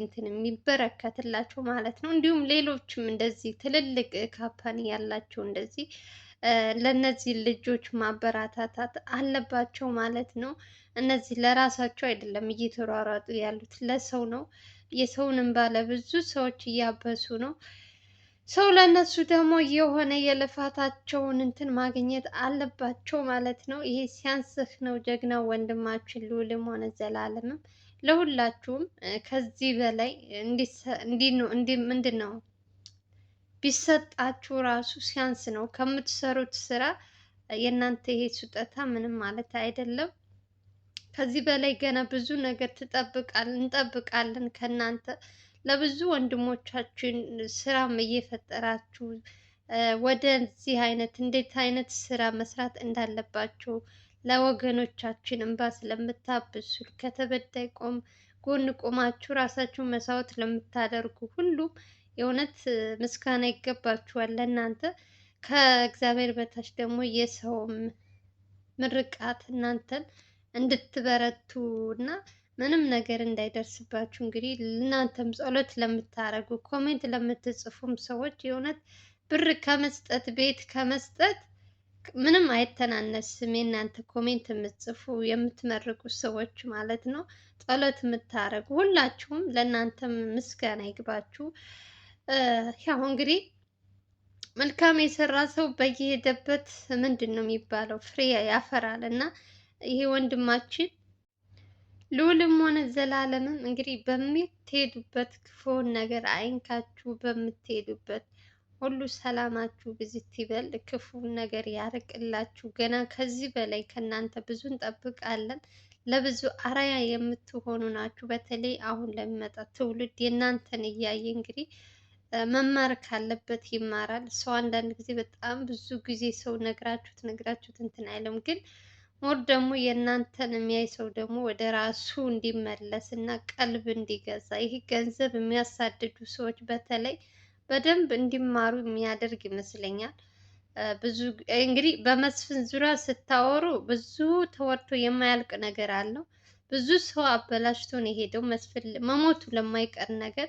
እንትን የሚበረከትላቸው ማለት ነው። እንዲሁም ሌሎችም እንደዚህ ትልልቅ ካምፓኒ ያላቸው እንደዚህ ለእነዚህ ልጆች ማበረታታት አለባቸው ማለት ነው። እነዚህ ለራሳቸው አይደለም እየተሯሯጡ ያሉት ለሰው ነው። የሰውንም ባለ ብዙ ሰዎች እያበሱ ነው። ሰው ለእነሱ ደግሞ የሆነ የልፋታቸውን እንትን ማግኘት አለባቸው ማለት ነው። ይሄ ሲያንስህ ነው ጀግናው ወንድማችን ልዑልም ሆነ ዘላለምም ለሁላችሁም ከዚህ በላይ ምንድን ነው ቢሰጣችሁ ራሱ ሲያንስ ነው። ከምትሰሩት ስራ የእናንተ ይሄ ስጦታ ምንም ማለት አይደለም። ከዚህ በላይ ገና ብዙ ነገር ትጠብቃል እንጠብቃለን ከእናንተ ለብዙ ወንድሞቻችን ስራም እየፈጠራችሁ ወደዚህ አይነት እንዴት አይነት ስራ መስራት እንዳለባቸው ለወገኖቻችን እንባ ስለምታብሱ ከተበዳይ ቆም ጎን ቆማችሁ ራሳችሁን መስዋዕት ለምታደርጉ ሁሉም የእውነት ምስጋና ይገባችኋል። ለእናንተ ከእግዚአብሔር በታች ደግሞ የሰው ምርቃት እናንተን እንድትበረቱ እና ምንም ነገር እንዳይደርስባችሁ እንግዲህ እናንተም ጸሎት ለምታደርጉ ኮሜንት ለምትጽፉም ሰዎች የእውነት ብር ከመስጠት ቤት ከመስጠት ምንም አይተናነስም። የእናንተ ኮሜንት የምትጽፉ የምትመርቁ ሰዎች ማለት ነው፣ ጸሎት የምታደርጉ ሁላችሁም ለእናንተም ምስጋና ይግባችሁ። ያው እንግዲህ መልካም የሰራ ሰው በየሄደበት ምንድን ነው የሚባለው ፍሬ ያፈራል እና ይሄ ወንድማችን ልዑልም ሆነ ዘላለምም እንግዲህ በምትሄዱበት ክፉን ነገር አይንካችሁ በምትሄዱበት ሁሉ ሰላማችሁ ብዝት ይበል። ክፉ ነገር ያርቅላችሁ። ገና ከዚህ በላይ ከእናንተ ብዙ እንጠብቃለን። ለብዙ አራያ የምትሆኑ ናችሁ። በተለይ አሁን ለሚመጣ ትውልድ የእናንተን እያየ እንግዲህ መማር ካለበት ይማራል። ሰው አንዳንድ ጊዜ በጣም ብዙ ጊዜ ሰው ነግራችሁት ነግራችሁት እንትን አይለም፣ ግን ሞር ደግሞ የእናንተን የሚያይ ሰው ደግሞ ወደ ራሱ እንዲመለስ እና ቀልብ እንዲገዛ ይህ ገንዘብ የሚያሳድዱ ሰዎች በተለይ በደንብ እንዲማሩ የሚያደርግ ይመስለኛል። ብዙ እንግዲህ በመስፍን ዙሪያ ስታወሩ ብዙ ተወርቶ የማያልቅ ነገር አለው። ብዙ ሰው አበላሽቶ ነው የሄደው። መስፍን መሞቱ ለማይቀር ነገር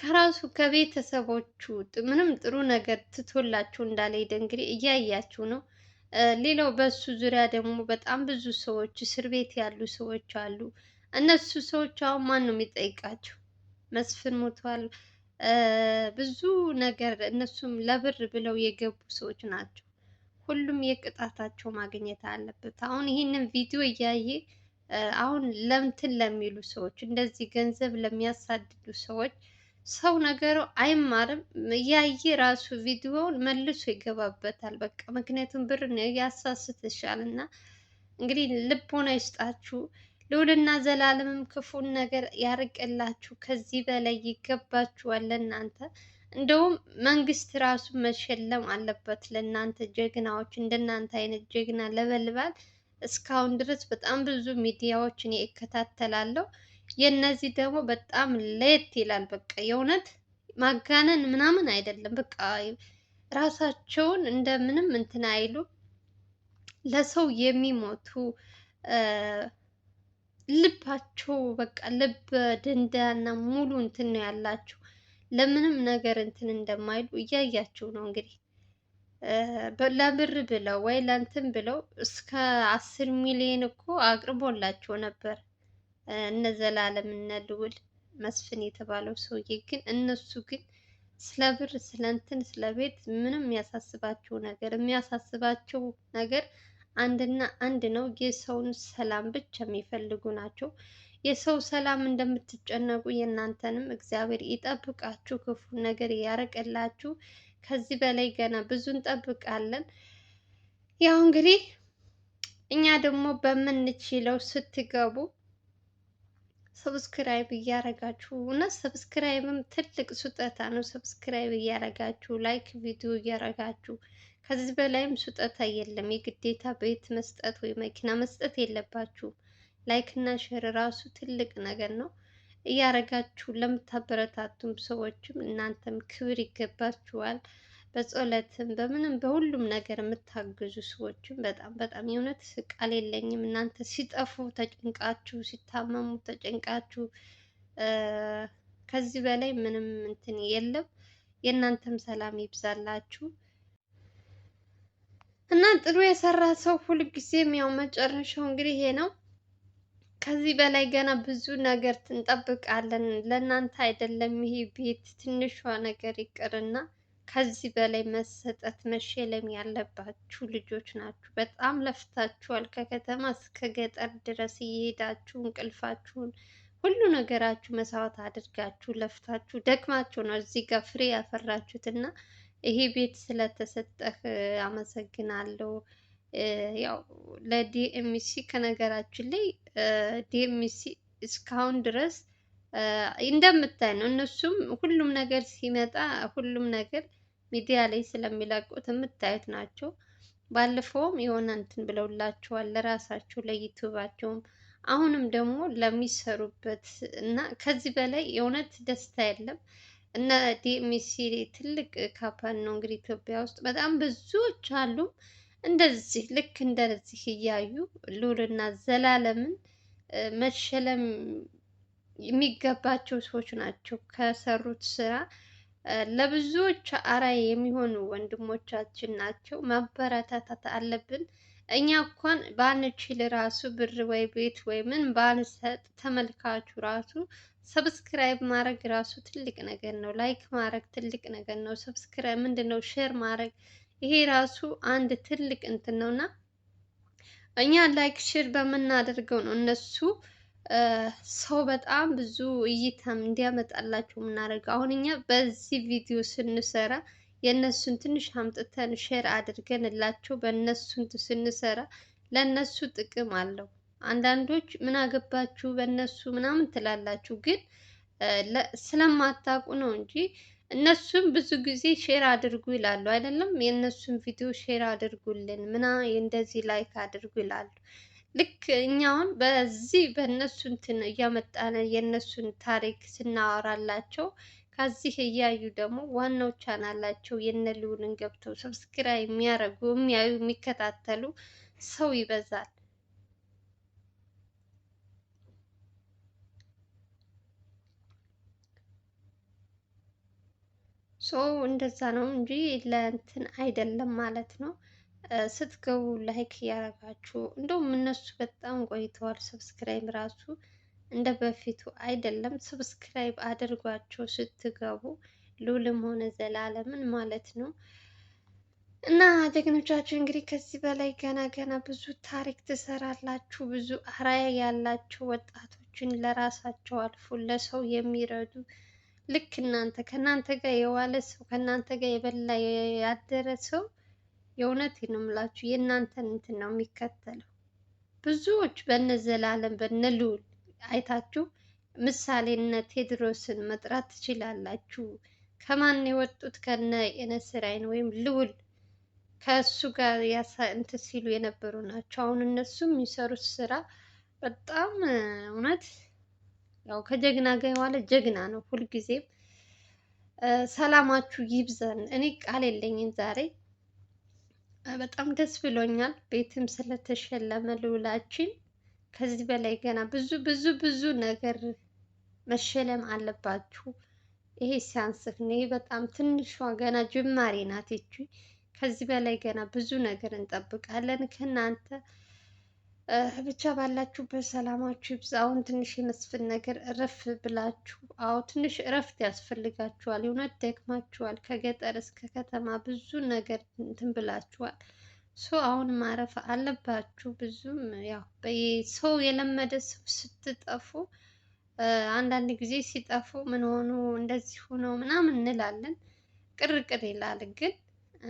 ከራሱ ከቤተሰቦቹ ምንም ጥሩ ነገር ትቶላችሁ እንዳልሄደ እንግዲህ እያያችሁ ነው። ሌላው በሱ ዙሪያ ደግሞ በጣም ብዙ ሰዎች እስር ቤት ያሉ ሰዎች አሉ። እነሱ ሰዎች አሁን ማን ነው የሚጠይቃቸው? መስፍን ሞቷል። ብዙ ነገር እነሱም ለብር ብለው የገቡ ሰዎች ናቸው። ሁሉም የቅጣታቸው ማግኘት አለበት። አሁን ይህንን ቪዲዮ እያየ አሁን ለምትን ለሚሉ ሰዎች እንደዚህ ገንዘብ ለሚያሳድዱ ሰዎች ሰው ነገሩ አይማርም። እያየ ራሱ ቪዲዮውን መልሶ ይገባበታል። በቃ ምክንያቱም ብር ያሳስትሻል እና እንግዲህ ልቦና ይስጣችሁ። ልዑልና ዘላለምም ክፉን ነገር ያርቅላችሁ፣ ከዚህ በላይ ይገባችኋል ለእናንተ። እንደውም መንግስት ራሱ መሸለም አለበት ለእናንተ ጀግናዎች፣ እንደናንተ አይነት ጀግና ለበልባል። እስካሁን ድረስ በጣም ብዙ ሚዲያዎች እኔ እከታተላለሁ። የእነዚህ ደግሞ በጣም ለየት ይላል። በቃ የእውነት ማጋነን ምናምን አይደለም። በቃ ራሳቸውን እንደምንም እንትን አይሉ ለሰው የሚሞቱ ልባቸው በቃ ልብ እና ሙሉ እንትን ነው ያላቸው ለምንም ነገር እንትን እንደማይሉ እያያቸው ነው እንግዲህ ለብር ብለው ወይ ለእንትን ብለው እስከ አስር ሚሊዮን እኮ አቅርቦላቸው ነበር እነ ዘላለም እነ ልውል መስፍን የተባለው ሰውዬ ግን እነሱ ግን ስለ ብር ስለ እንትን ስለ ቤት ምንም የሚያሳስባቸው ነገር የሚያሳስባቸው ነገር አንድና አንድ ነው። የሰውን ሰላም ብቻ የሚፈልጉ ናቸው። የሰው ሰላም እንደምትጨነቁ የእናንተንም እግዚአብሔር ይጠብቃችሁ፣ ክፉ ነገር ያርቅላችሁ። ከዚህ በላይ ገና ብዙ እንጠብቃለን። ያው እንግዲህ እኛ ደግሞ በምንችለው ስትገቡ ሰብስክራይብ እያረጋችሁ እና ሰብስክራይብም ትልቅ ስጦታ ነው። ሰብስክራይብ እያረጋችሁ ላይክ ቪዲዮ እያረጋችሁ ከዚህ በላይም ስጦታ የለም። የግዴታ ቤት መስጠት ወይ መኪና መስጠት የለባችሁም። ላይክ እና ሼር ራሱ ትልቅ ነገር ነው። እያረጋችሁ ለምታበረታቱም ሰዎችም እናንተም ክብር ይገባችኋል። በጸሎትም በምንም በሁሉም ነገር የምታግዙ ሰዎችም በጣም በጣም የእውነት ቃል የለኝም። እናንተ ሲጠፉ ተጨንቃችሁ፣ ሲታመሙ ተጨንቃችሁ፣ ከዚህ በላይ ምንም እንትን የለም። የእናንተም ሰላም ይብዛላችሁ። እና ጥሩ የሰራ ሰው ሁልጊዜም ያው መጨረሻው እንግዲህ ይሄ ነው። ከዚህ በላይ ገና ብዙ ነገር እንጠብቃለን። ለእናንተ አይደለም ይሄ ቤት ትንሿ ነገር ይቅርና ከዚህ በላይ መሰጠት መሸለም ያለባችሁ ልጆች ናችሁ። በጣም ለፍታችኋል። ከከተማ እስከ ገጠር ድረስ እየሄዳችሁ እንቅልፋችሁን ሁሉ ነገራችሁ መስዋዕት አድርጋችሁ ለፍታችሁ ደክማችሁ ነው እዚህ ጋር ፍሬ ያፈራችሁትና። እና ይሄ ቤት ስለተሰጠህ አመሰግናለሁ። ያው ለዲኤምሲ ከነገራችን ላይ ዲኤምሲ እስካሁን ድረስ እንደምታይ ነው። እነሱም ሁሉም ነገር ሲመጣ ሁሉም ነገር ሚዲያ ላይ ስለሚለቁት የምታዩት ናቸው። ባለፈውም የሆነ እንትን ብለውላቸዋል ለራሳቸው ለዩቱባቸውም፣ አሁንም ደግሞ ለሚሰሩበት እና ከዚህ በላይ የእውነት ደስታ የለም። እነ ዲኤምሲ ትልቅ ካምፓኒ ነው እንግዲህ ኢትዮጵያ ውስጥ በጣም ብዙዎች አሉ። እንደዚህ ልክ እንደዚህ እያዩ ልዑልና ዘላለምን መሸለም የሚገባቸው ሰዎች ናቸው። ከሰሩት ስራ ለብዙዎች አራይ የሚሆኑ ወንድሞቻችን ናቸው። ማበረታታት አለብን። እኛ እንኳን ባንችል ራሱ ብር ወይ ቤት ወይ ምን ባንሰጥ ተመልካቹ ራሱ ሰብስክራይብ ማድረግ ራሱ ትልቅ ነገር ነው። ላይክ ማድረግ ትልቅ ነገር ነው። ሰብስክራይብ ምንድን ነው? ሼር ማድረግ ይሄ ራሱ አንድ ትልቅ እንትን ነው እና እኛ ላይክ ሼር በምናደርገው ነው እነሱ ሰው በጣም ብዙ እይታም እንዲያመጣላቸው የምናደርገው። አሁን እኛ በዚህ ቪዲዮ ስንሰራ የእነሱን ትንሽ አምጥተን ሼር አድርገንላቸው በእነሱን ስንሰራ ለእነሱ ጥቅም አለው። አንዳንዶች ምን አገባችሁ በእነሱ ምናምን ትላላችሁ፣ ግን ስለማታውቁ ነው እንጂ እነሱም ብዙ ጊዜ ሼር አድርጉ ይላሉ አይደለም። የእነሱን ቪዲዮ ሼር አድርጉልን ምና እንደዚህ ላይክ አድርጉ ይላሉ። ልክ እኛውን በዚህ በእነሱ እንትን እያመጣን የእነሱን ታሪክ ስናወራላቸው ከዚህ እያዩ ደግሞ ዋናው ቻናላቸው የነ ልዑልን ገብተው ሰብስክራይብ የሚያደርጉ የሚያዩ የሚከታተሉ ሰው ይበዛል። ሶ እንደዛ ነው እንጂ ለእንትን አይደለም ማለት ነው። ስትገቡ ላይክ እያደረጋችሁ እንደውም እነሱ በጣም ቆይተዋል ሰብስክራይብ ራሱ እንደ በፊቱ አይደለም። ሰብስክራይብ አድርጓቸው ስትገቡ ሉልም ሆነ ዘላለምን ማለት ነው። እና ጀግኖቻችሁ እንግዲህ ከዚህ በላይ ገና ገና ብዙ ታሪክ ትሰራላችሁ። ብዙ አራያ ያላችሁ ወጣቶችን ለራሳቸው አልፎ ለሰው የሚረዱ ልክ እናንተ ከእናንተ ጋር የዋለ ሰው ከእናንተ ጋር የበላ ያደረ ሰው የእውነት ነው የምላችሁ የእናንተን እንትን ነው የሚከተለው። ብዙዎች በነ ዘላለም በነ ልዑል አይታችሁ ምሳሌነት ቴድሮስን መጥራት ትችላላችሁ። ከማን የወጡት ከነ የነስራይን ወይም ልውል ከእሱ ጋር እንትን ሲሉ የነበሩ ናቸው። አሁን እነሱ የሚሰሩት ስራ በጣም እውነት ያው ከጀግና ጋር የዋለ ጀግና ነው። ሁልጊዜም ሰላማችሁ ይብዛን። እኔ ቃል የለኝም። ዛሬ በጣም ደስ ብሎኛል። ቤትም ስለተሸለመ ልውላችን ከዚህ በላይ ገና ብዙ ብዙ ብዙ ነገር መሸለም አለባችሁ። ይሄ ሲያንስህ እኔ በጣም ትንሿ ገና ጅማሬ ናት ይቺ። ከዚህ በላይ ገና ብዙ ነገር እንጠብቃለን ከእናንተ ብቻ ባላችሁበት ሰላማችሁ ይብዛ። አሁን ትንሽ የመስፍን ነገር እረፍ ብላችሁ፣ አዎ ትንሽ እረፍት ያስፈልጋችኋል። የእውነት ደክማችኋል። ከገጠር እስከ ከተማ ብዙ ነገር እንትን ብላችኋል። ሰው አሁን ማረፍ አለባችሁ። ብዙም ያው ሰው የለመደ ሰው ስትጠፉ አንዳንድ ጊዜ ሲጠፉ ምን ሆኑ እንደዚህ ሆነው ምናምን እንላለን፣ ቅርቅር ይላል። ግን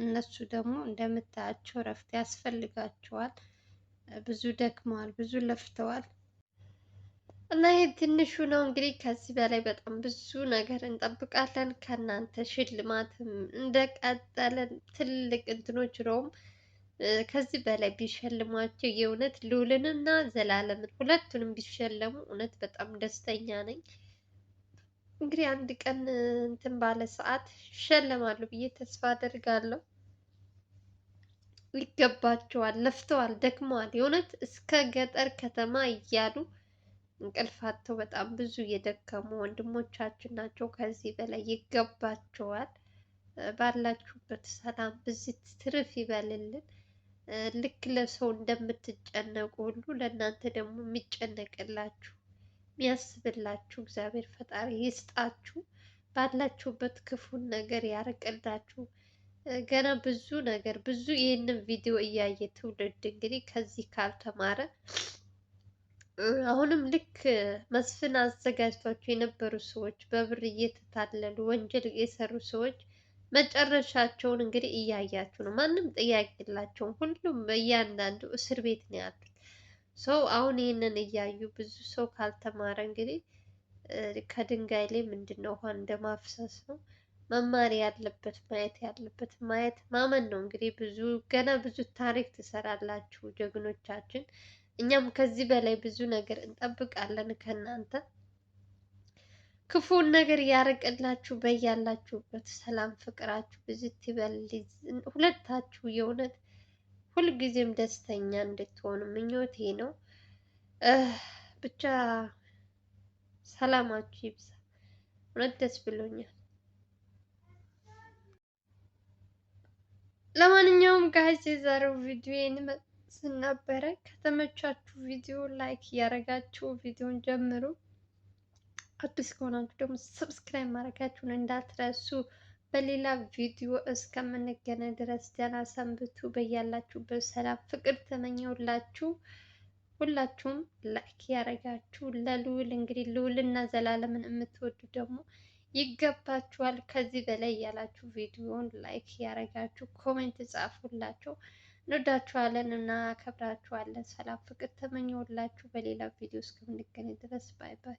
እነሱ ደግሞ እንደምታያቸው እረፍት ያስፈልጋቸዋል። ብዙ ደክመዋል፣ ብዙ ለፍተዋል። እና ይህ ትንሹ ነው እንግዲህ። ከዚህ በላይ በጣም ብዙ ነገር እንጠብቃለን ከእናንተ ሽልማትም እንደቀጠለን ትልቅ እንትኖች ሮም ከዚህ በላይ ቢሸልሟቸው የእውነት እና ዘላለምን ሁለቱንም ቢሸለሙ እውነት በጣም ደስተኛ ነኝ። እንግዲህ አንድ ቀን እንትን ባለ ሰዓት ይሸለማሉ ብዬ ተስፋ አደርጋለሁ። ይገባቸዋል፣ ለፍተዋል፣ ደክመዋል። የእውነት እስከ ገጠር ከተማ እያሉ እንቅልፋቸው በጣም ብዙ የደከሙ ወንድሞቻችን ናቸው። ከዚህ በላይ ይገባቸዋል። ባላችሁበት ሰላም ብዝት ትርፍ ይበልልን። ልክ ለሰው እንደምትጨነቁ ሁሉ ለእናንተ ደግሞ የሚጨነቅላችሁ የሚያስብላችሁ እግዚአብሔር ፈጣሪ ይስጣችሁ። ባላችሁበት ክፉን ነገር ያርቅላችሁ። ገና ብዙ ነገር ብዙ ይህንን ቪዲዮ እያየ ትውልድ እንግዲህ ከዚህ ካልተማረ አሁንም ልክ መስፍን አዘጋጅቷቸው የነበሩ ሰዎች በብር እየተታለሉ ወንጀል የሰሩ ሰዎች መጨረሻቸውን እንግዲህ እያያችሁ ነው። ማንም ጥያቄ የላቸውም። ሁሉም እያንዳንዱ እስር ቤት ነው ያሉት። ሰው አሁን ይህንን እያዩ ብዙ ሰው ካልተማረ እንግዲህ ከድንጋይ ላይ ምንድን ነው ውሃ እንደማፍሰስ ነው። መማር ያለበት ማየት ያለበት ማየት ማመን ነው። እንግዲህ ብዙ ገና ብዙ ታሪክ ትሰራላችሁ ጀግኖቻችን። እኛም ከዚህ በላይ ብዙ ነገር እንጠብቃለን ከእናንተ። ክፉን ነገር ያርቅላችሁ። በያላችሁበት ሰላም ፍቅራችሁ ብዝት ይበል። ሁለታችሁ የእውነት ሁልጊዜም ደስተኛ እንድትሆኑ ምኞቴ ነው። ብቻ ሰላማችሁ ይብዛ። እውነት ደስ ብሎኛል። ለማንኛውም ጋይስ የዛሬው ቪዲዮ ስናበረ ከተመቻችሁ ቪዲዮ ላይክ እያደረጋችሁ ቪዲዮን ጀምሩ። አዲስ ከሆናችሁ ደግሞ ሰብስክራይብ ማድረጋችሁን እንዳትረሱ። በሌላ ቪዲዮ እስከምንገናኝ ድረስ ደህና ሰንብቱ። በያላችሁበት ሰላም ፍቅር ተመኘውላችሁ። ሁላችሁም ላይክ ያደረጋችሁ ለልዑል እንግዲህ ልዑልና ዘላለምን የምትወዱ ደግሞ ይገባችኋል። ከዚህ በላይ ያላችሁ ቪዲዮውን ላይክ ያደረጋችሁ ኮሜንት ጻፉላቸው። እንወዳችኋለን እና እናከብራችኋለን። ሰላም ፍቅር ተመኘውላችሁ። በሌላ ቪዲዮ እስከምንገናኝ ድረስ ባይ ባይ።